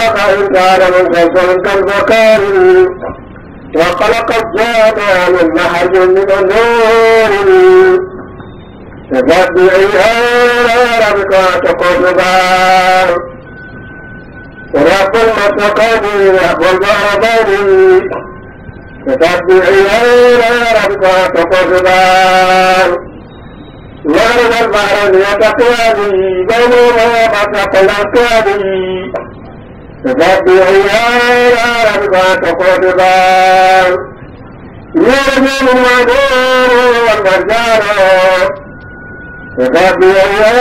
خلق الإنسان من صلصال كالبكار وخلق الزاد من نحج من النور تتبع آل ربك وتقوم بار ولا كل مستقيم يقول باربان تتبع ربك وتقوم بار وارد البحر ليتقوى بي بينهما مستقلتان فقطعوا أربعة قطبان يرجم الغدور والمرجان يا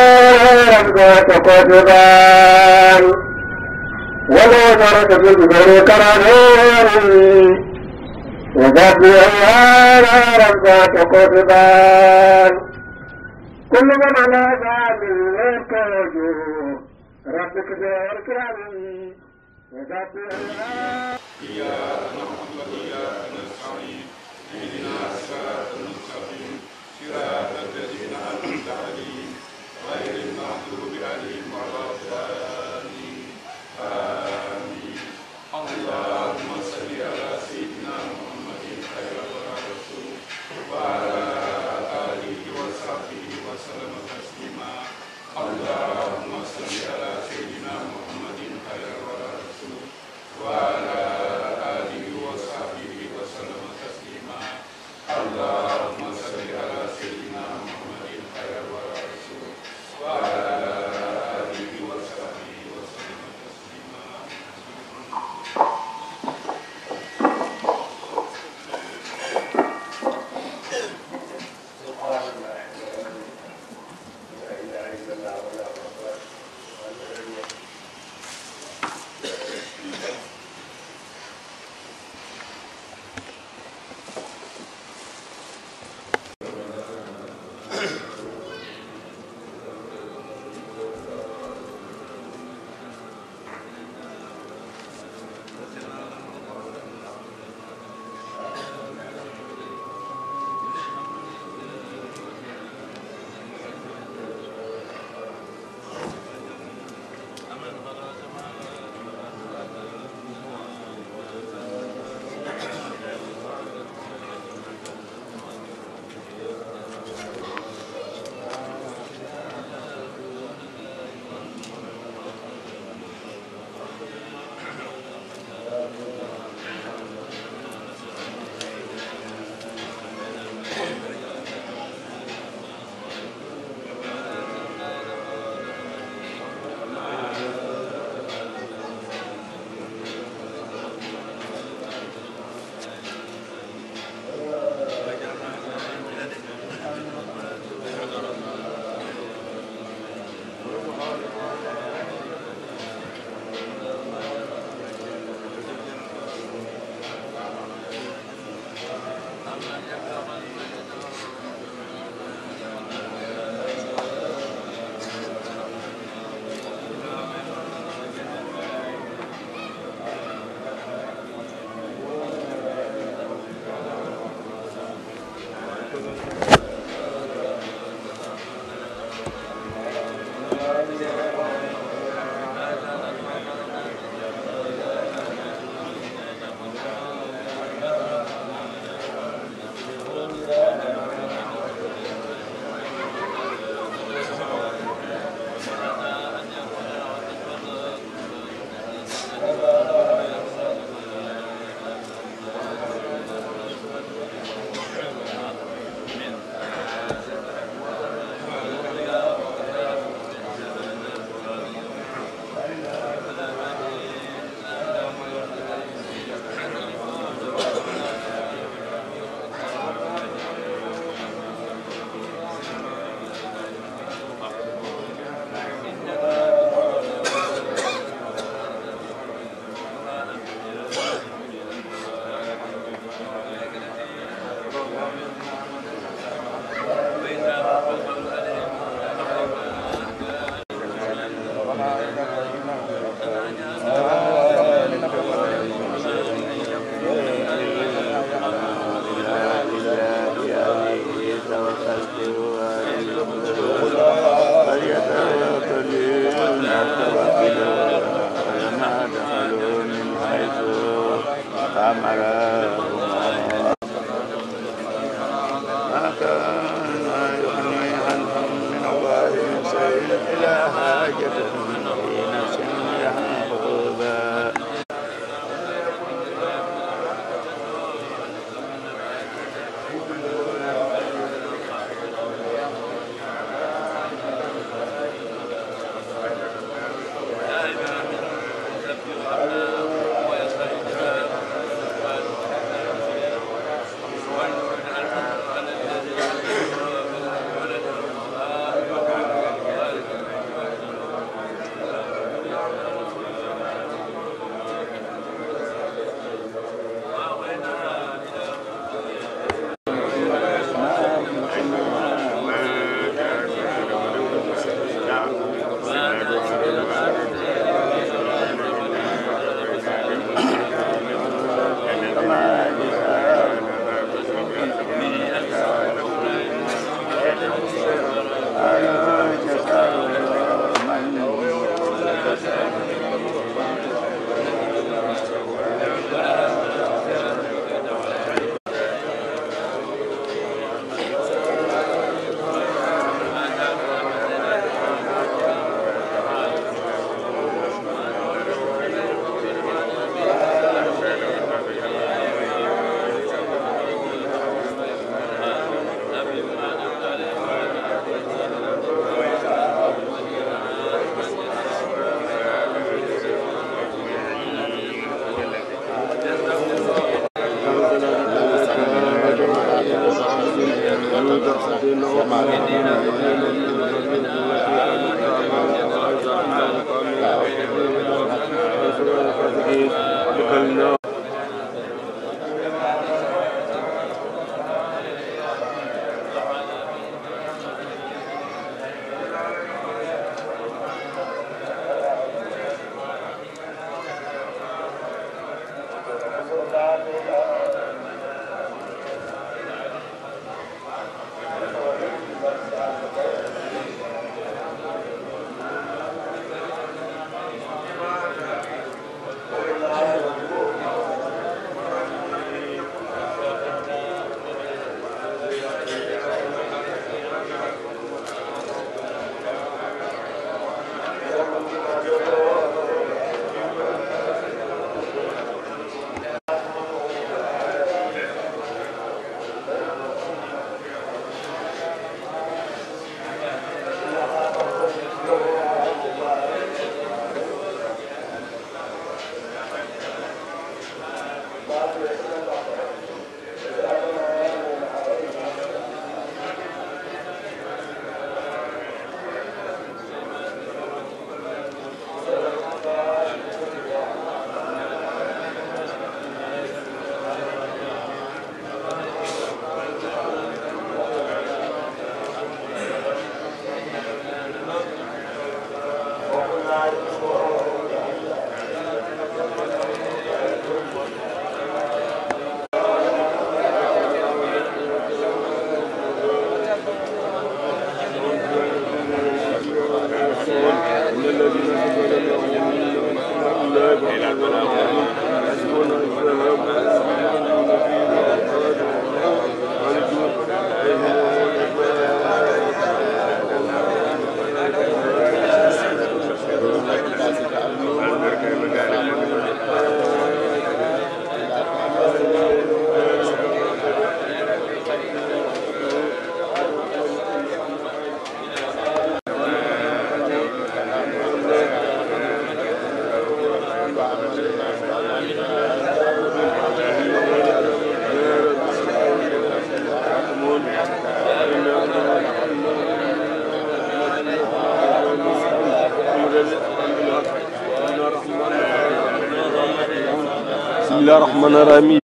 أربعة قطبان ولو ترك في البر كرهان وقطعوا أربعة قطبان كل من على ذا من ربك ذا الكرامين They got the... Uh, الله الرحمن الرحيم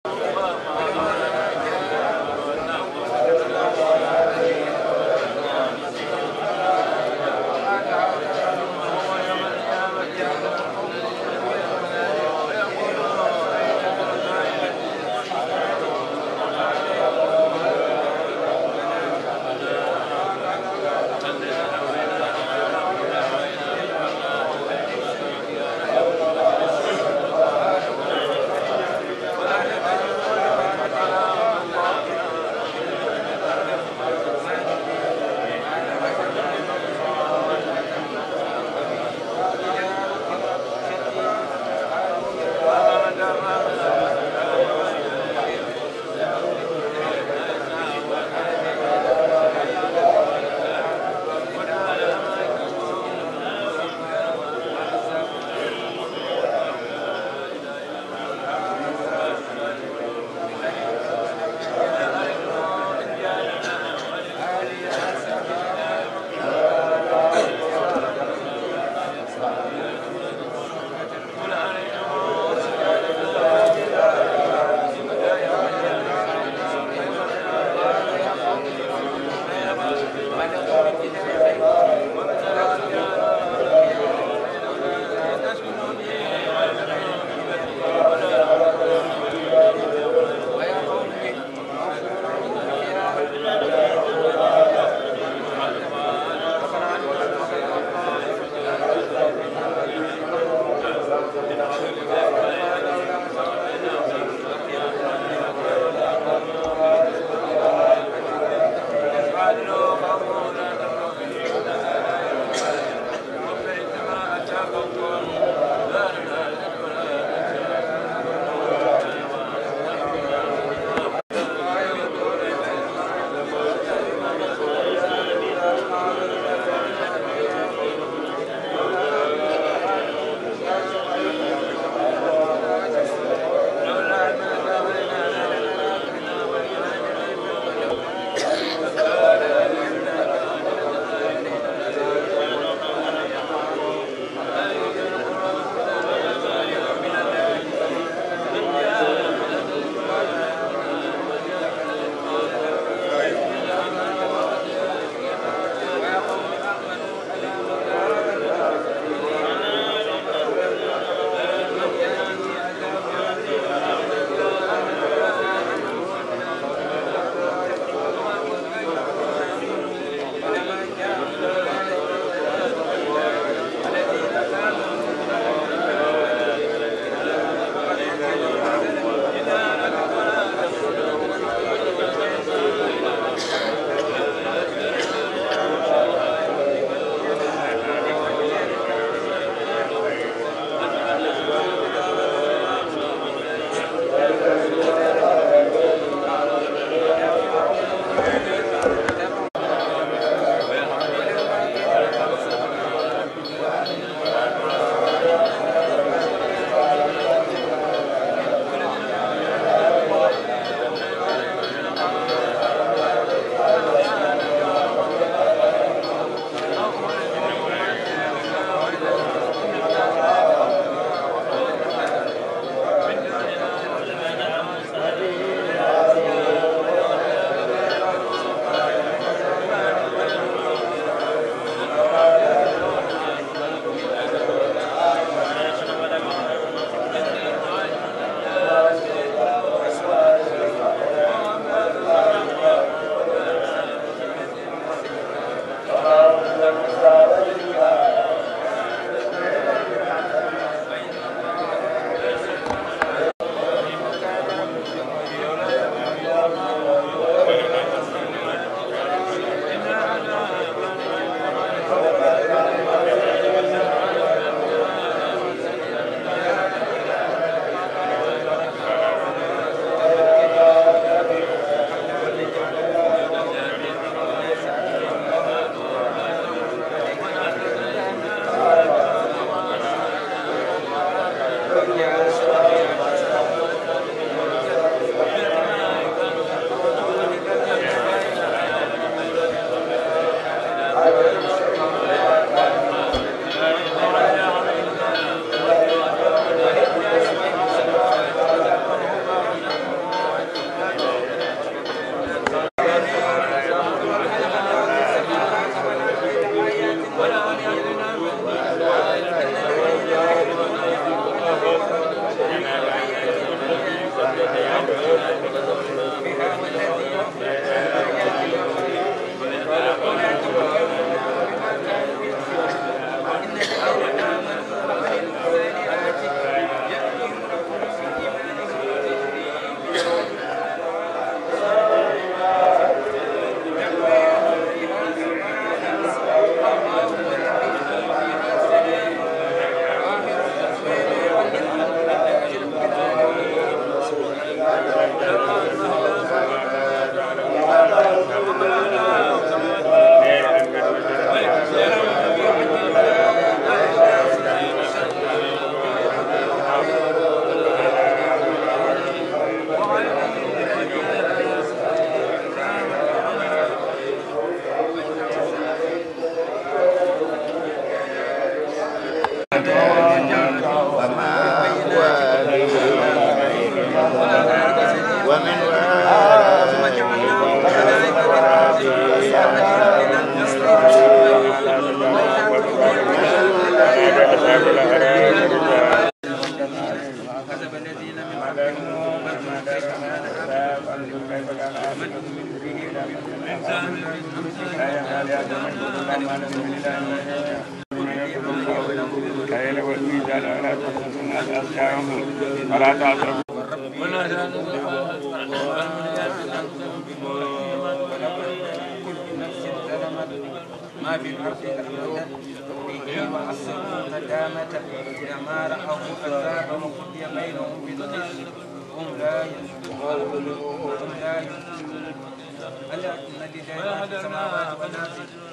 هدانا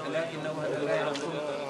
لكنه هدانا رسولك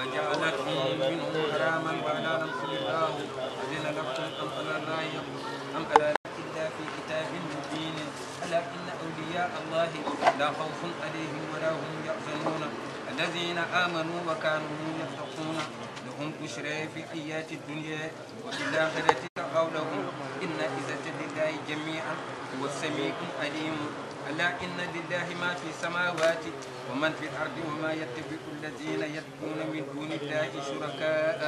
وجعل لكم منهم حراما وحلالا قل الله أذن لكم أم على الله أم على إلا في كتاب مبين ألا إن أولياء الله لا خوف عليهم ولا هم يحزنون الذين آمنوا وكانوا يتقون لهم بشرى في حياة الدنيا وفي الآخرة تقوا لهم إن إذا لله جميعا هو السميع العليم ألا إن لله ما في السماوات ومن في الأرض وما يتبع الذين يدعون من دون الله شركاء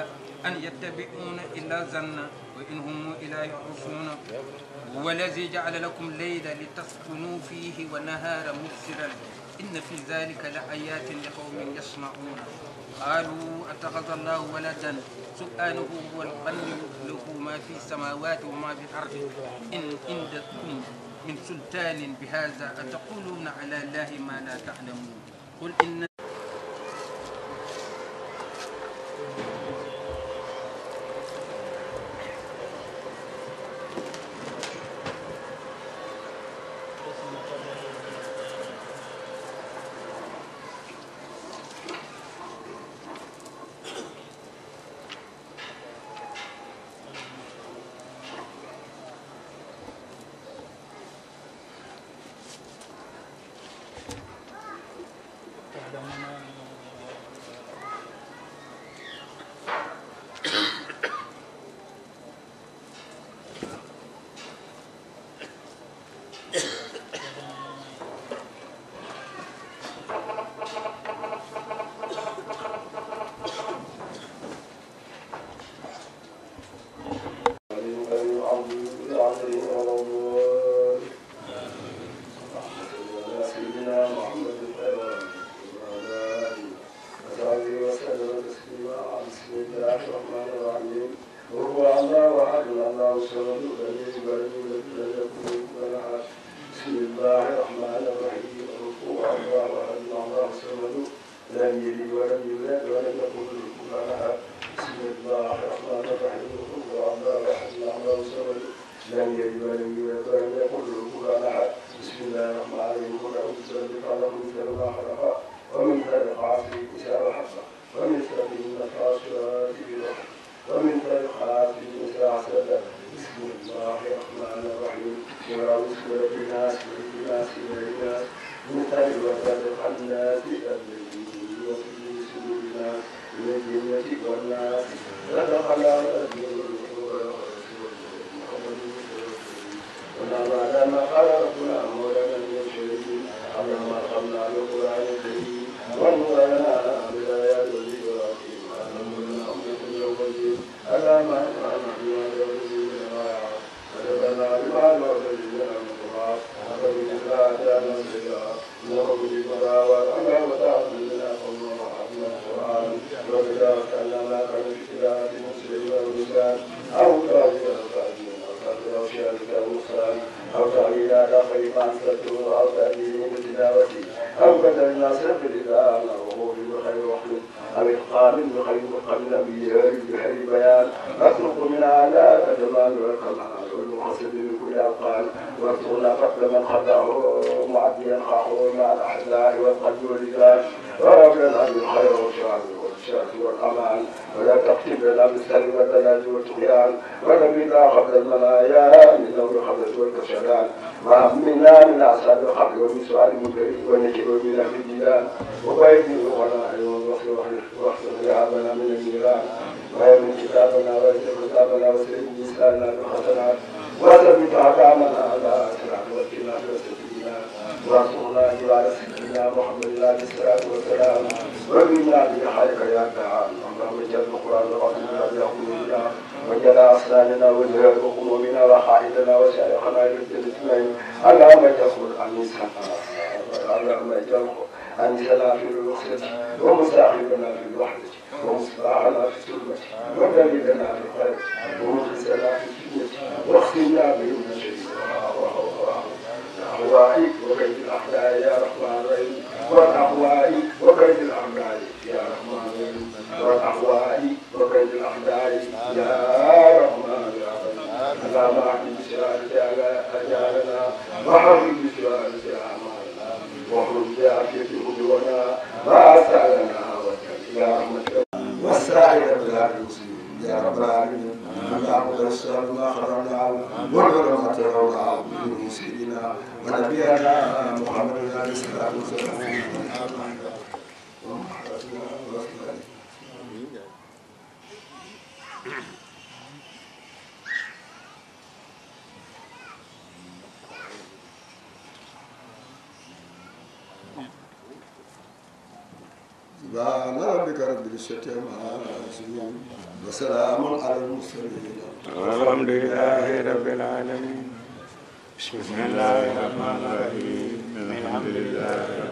أن يتبعون إلا ظنا وإن هم إلا يعرفون والذي جعل لكم الليل لتسكنوا فيه ونهارا مبصرا إن في ذلك لآيات لقوم يسمعون قالوا أتخذ الله ولدا سؤاله هو الغني له ما في السماوات وما في الأرض إن عندكم من سلطان بهذا أتقولون على الله ما لا تعلمون قل إن آخر بسم الله الرحمن الرحيم اقرأ اسم ربنا سيدنا سيدنا مختلف وسابق الناس الذي وفي سبلنا من الجنة والناس ودخل ولا بعد ما قال ربنا مولانا من الشريف اللهم ارحمنا بالقران الكريم وانور لنا بالايات والذكر الحكيم اللهم ارحمنا بالقران الكريم اللهم قبل بجهر بيان أطلق من عذاب الجمال والكمال والمقصد بكل أبقال وارزقنا قتل من خدعه معديا خاحه مع الأحزاء والقلب والرجال ورب العالمين خير وشعبه الشمس والامان ولا تكتب لنا بالسر والدلال والطغيان ونبينا قبل المنايا من نور قبل والكسلان منا من أعصاب القبر ومن سؤال المنكر ونجيب ومن في الجيران وبيت الغناء والوصل واحفظ ذهابنا من النيران ويمن كتابنا ويسر كتابنا وسيد لساننا بحسنات وثبت أقامنا على أسرع وكنا في سبيلنا الله على رسول سيدنا محمد الله الصلاة والسلام رب لنا بحالك يا دعاء اللهم اجعل القرآن ربنا بأقوالنا وجل أسناننا في الوحدة ومصباحنا في السلمة ودليلنا في الخير ومخزنا في السنة واختمنا بهم الشريف وعيد سبحان ربك رب العزة عما يصفون وسلام على المرسلين الحمد لله رب العالمين بسم الله الرحمن الرحيم الحمد لله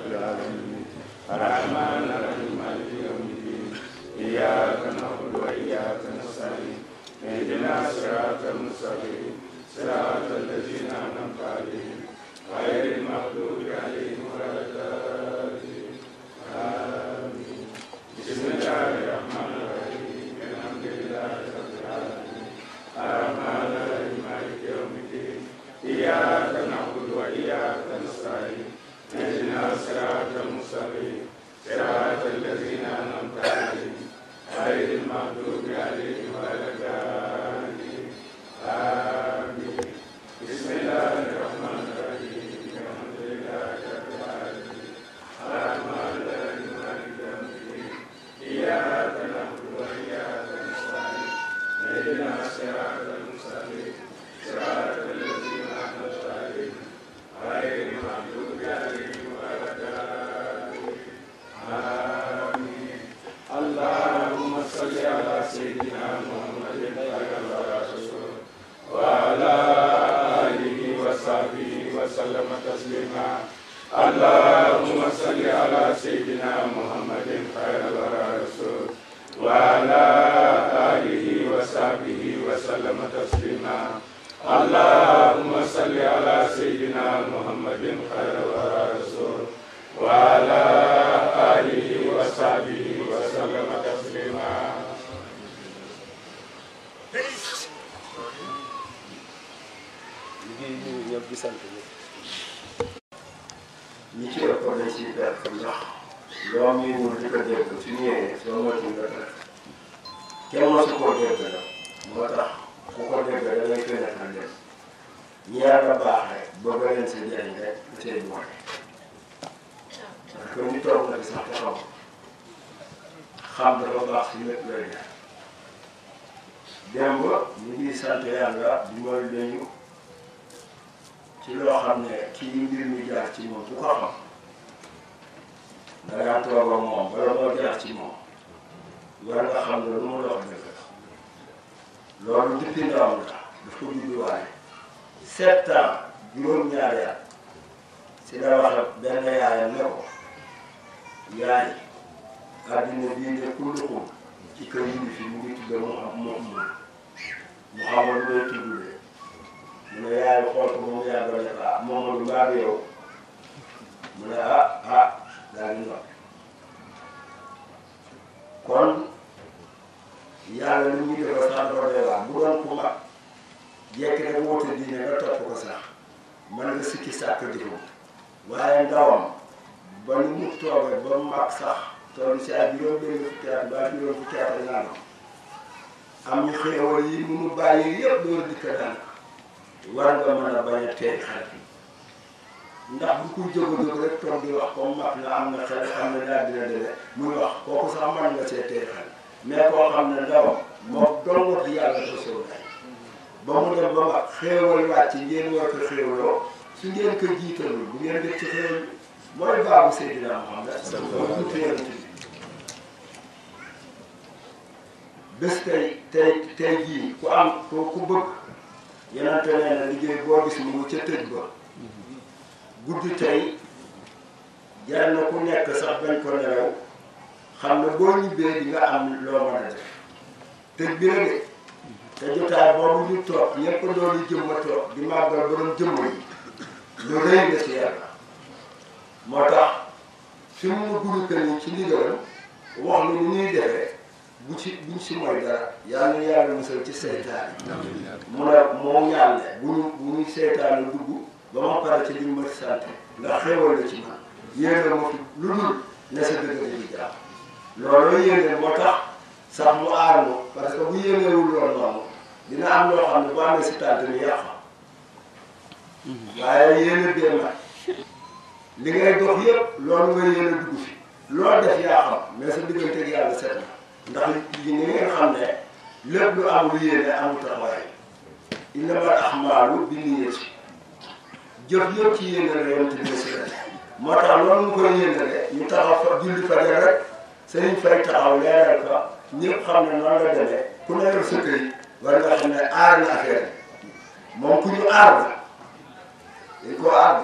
صل على سيدنا محمد خير الورى وعلى آله وصحبه وسلم تسليما اللهم صل على سيدنا محمد خير الورى وعلى آله وصحبه وسلم تسليما اللهم doom yi ñu di ko dégg suñu yee soo moytuwul nga tax kenn mosu koo dégg nag moo tax ku ko dégg da ngay koy nekkal leen ñi yàlla baax rek bëgg leen seen njëriñ rek seen i waxe parce que ñu toog na fi sax taxaw xam dafa baax si lépp looy def démb ñu ngi sant yàlla di mooy lañu ci loo xam kii mbir mi jaar ci moom ku ko xam. da ngaa toog ak moom wala moo jaar ci moom war nga xam ne lu mu dox dëgg la loolu depuis ndawam la daf ko jubluwaale sept ans juróom-ñaari at si la wax ak benn yaayam ne ko yaay addina bii de kulluxum ci kër yi fi mu ngi tudde mu xam mu mu mu xamoon looy tuddee mu ne yaay xool ko moom yaa doon ne ah Mamadou Mbacke yow mu ne ah ah. daa ngi kon yàlla lu ñu defal tàndoor dee baax bu doon ku mag jekk rek woote diine nga topp ko sax mën nga sikki sàkk di ko waaye ndawam ba nu mu toobe ba mak mag sax toll si ay juróom benn fukki at mbaa juróom fukki at ak nangam am ñu xéewal yi mu bàyyi yëpp door dikka daan war nga mëna a bañ a teel ndax bu ko jóg rek toog di wax comme mag la am na xel xam ne daal dina demee muy wax kooku sax mën nga see tey xel mais koo xam ne ndaw moo doon di yàlla sosoo nañ ba mu dem ba mag xéewal wàcc ngeen war ko xéewaloo su ngeen ko jiitalul bu ngeen def ci xéewal mooy baabu Seydina Muhammad mooy bu teel bés tey tey tey jii ku am ku bëgg yenante nee na liggéey boo gis mu ngi ca tëj guddi tey jar ku nekk sax bañ ko nelaw xam ne boo ñibbee di nga am loo mën a def tëj bi la te jotaay boobu ñu toog ñëpp doon jëmma toog di màggal borom jëmm yi lu rëy la ci yàlla moo tax fi mu groupe ni ci ndigalam wax ni ñuy defee bu ci buñ si mooy dara yàlla yàlla musal ci seytaan mu ne moo ñaan bu ñu bu ñu ba ma pare ci liñ ma sant ndax xéewal la ci man yéene ma fi lu dul ne sa dëgg di jàpp loolu yéene moo tax sax mu aar ma parce que bu yéenewul loolu noonu dina am loo xam ne bu amee si tànt ni yàq waaye yéene bee nag li ngay dox yëpp loolu nga yéene dugg fi loolu def yaa xam mais sa digganteeg yàlla set na ndax li ngeen xam ne lépp lu am lu yéene amul taxawaay innamal a'maalu binniyaati jëf yëpp ci yéene la yonent bi moo tax loolu ñu koy yéenale ñu taxaw fa julli fa rek sëriñ fay taxaw leeral fa ñëpp xam ne noonu la demee ku neeru sa kër yi war nga ne aar na affaire moom ku ñu aar la dañ koo aar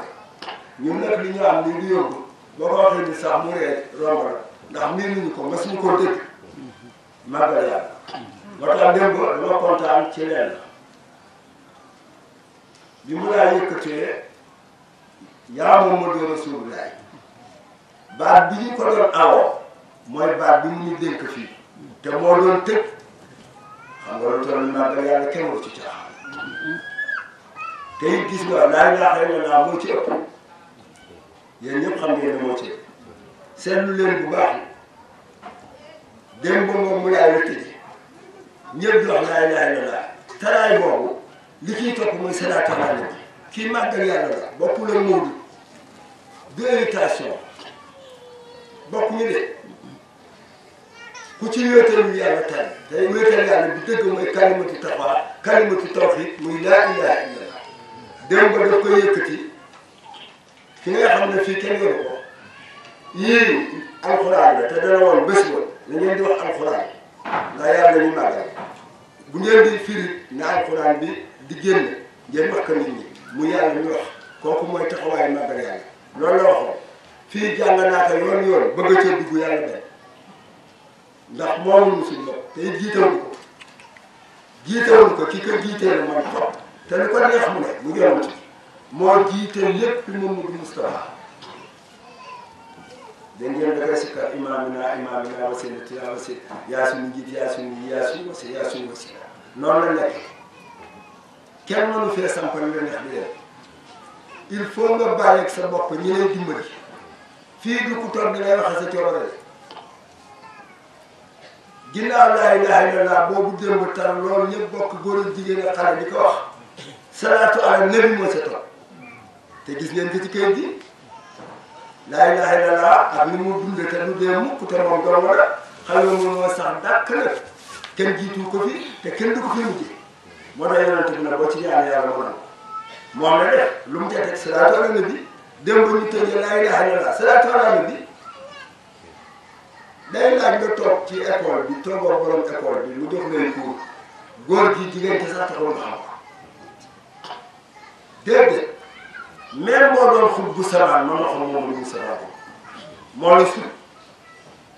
ñun nag li ñu am ni du yóbbu boo ko waxee ni sax mu ree romb la ndax miir ñu ko mësuñu koo dégg màggal yàlla moo tax démb dama kontaan ci leen la bi mu laa yaa Muhammadu Rasulullaah baat bi ko doon awoo mooy baat bi mu ñu dénk fii te moo doon tëj xam nga lu toll naa da yàlla kenn wu ci caaxaan te it gis nga laa ilaaha illallaah moo ci ëpp yéen ñëpp xam ngeen ne moo ci ëpp seetlu leen bu baax démb moom mu yaay la tëje ñëpp di wax laa ilaaha illallaah taraay li ciy topp mooy salaatu alaa nabi kii màggal yàlla la bokkul ak Mawdu délectation bokk ñu de ku ci wéetal yàlla tànn tey wéetal yàlla bu dëgg mooy kalimatu taqwa kalimatu tawhid muy laa ilaha illallah dem ba daf koy yëkkati fi nga xam ne fii kenn yoru alxuraan la te la ngeen di bu ngeen di firi na alxuraan bi di génn ngeen wax ko nit ñi mu yàlla ñu wax kooku mooy taxawaayu màggal yàlla loolu la waxoon fii jàng naa ko yoon yoon bëgg cee dugg yàlla benn ndax moomuñu suñu bopp te it jiitewuñu ko jiitewuñu ko ki ko jiitee la man topp te lu ko neex mu ne mu yonent moo jiite lépp moom mu Moustapha da ngeen da koy sikkar imaamina imaamina wasi na tila wasi yaa suñu njiit yaa suñu njiit yaa suñu wasi yaa suñu wasi noonu la nekk kenn mënu fee sampal la neex di leen il faut nga bàyyi ak sa bopp ñi lay dimbali fii du ku toog di ngay waxe sa coobare ginnaaw laa ilaaha illallaah boobu tar loolu ñëpp bokk góor ak jigéen ak xale di ko wax salaatu ala nabi mooy sa gis ngeen ko ci kër gi laa ilaaha moo sax dàkk na kenn jiitu ko fi te kenn du ko fi mujjee moo tax yonent bi nag boo ci ñaanee yàlla moo nangu moom la def lu mu ca teg salaatu ala nabi démb ñu tëjee laa ilaha illallah salaatu ala nabi day laaj nga toog ci école bi toogoo borom école bi mu jox leen cours góor gi jigéen ci sax taxul nga xam ko déedéet moo doon xul bu samaan man la xam moom lu mu samaan moo la sut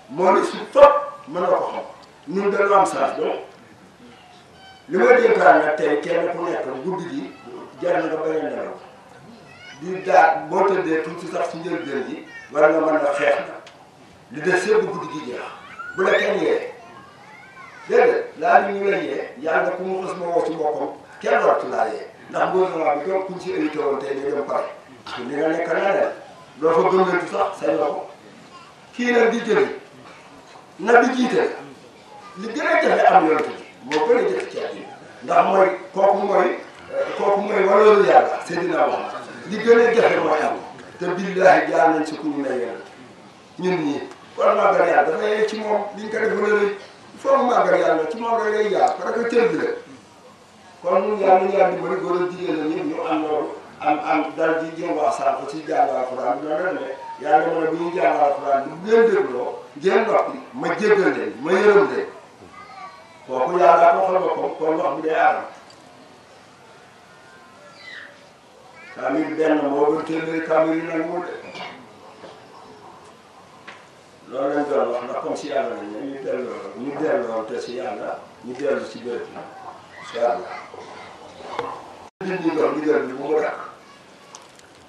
moo la sut fop mën na ko xam ñun dañoo am chance donc li ma dénkaan nag tey kenn ku nekk guddi gi jar nga bañ a nelaw di daa boo tëddee tuuti sax si njëlbéen ji war nga mën a xeex na li des yëpp guddi gi jeex bu la kenn yee déedéet laa li ñu la yee yàlla ku mu xas ma woo ci boppam kenn waratu laa yee ndax gouvernement bi donc kuñ si invité woon tey nga dem nekk naa ne doo fa gëmmantu jëli na di jiite li gën a jafe am yonte moo gën a jafe ci ndax mooy kooku mooy kooku mooy waloolu yàlla Seydina Muhammad li gën a jafe mooy am te billaahi jaar nañ si ku ñu may yàlla ñun ñii war màggal ci moom li ñu ko def mën a rëy foog màggal ci moom rek lay jaar parce que cër bi la kon ñun yàlla nañu yàlla dimbali góor ak jigéen la ñun ñu am loolu am am dal di jéem wax sànq ci jàng alxuraan loolu la ne yàlla mën a bu ñuy jàng alxuraan bu ngeen dégloo ngeen noppi ma jéggal leen ma yërëm leen kooku yàlla ko xool boppam kon wax bi day aar kamil benn moo gën téeméeri kamil yi nanguwul de loolu lañ doon wax ndax comme si yàlla eh, eh, la ñu delloo ñu delloo te si yàlla ñu dellu si béréb bi yàlla. nit ñi dox ndigal bi bu mu dakk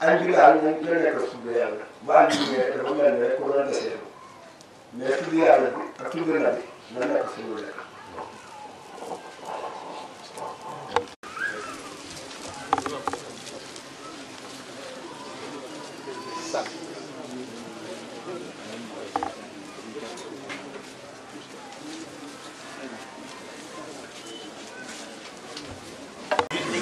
añ bi daal ñu nga nekk tudd yàlla bu añ bi ñëwee dafa mel ne ku doon desee mais tudd yàlla bi ak tudd na bi na nekk fu mu nekk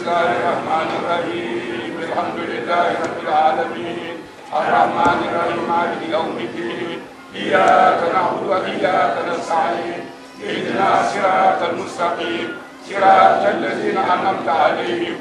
الله الرحمن الرحيم الحمد لله رب العالمين الرحمن الرحيم مالك يوم الدين إياك نعبد وإياك نستعين اهدنا صراط المستقيم صراط الذين أنعمت عليهم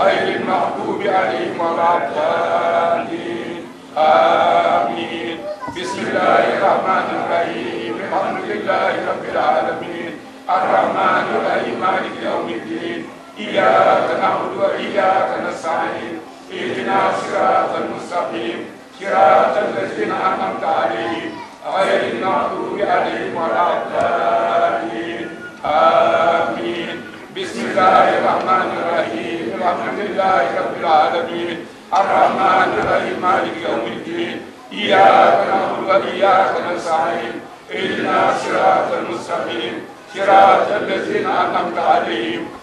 غير المغضوب عليهم ولا الضالين آمين بسم الله الرحمن الرحيم الحمد لله رب العالمين الرحمن الرحيم مالك يوم الدين إياك نعبد وإياك نستعين اهدنا صراط المستقيم صراط الذين أنعمت عليهم غير المغضوب عليهم ولا الضالين آمين بسم الله الرحمن الرحيم الحمد لله رب العالمين الرحمن الرحيم مالك يوم الدين إياك نعبد وإياك نستعين اهدنا صراط المستقيم صراط الذين أنعمت عليهم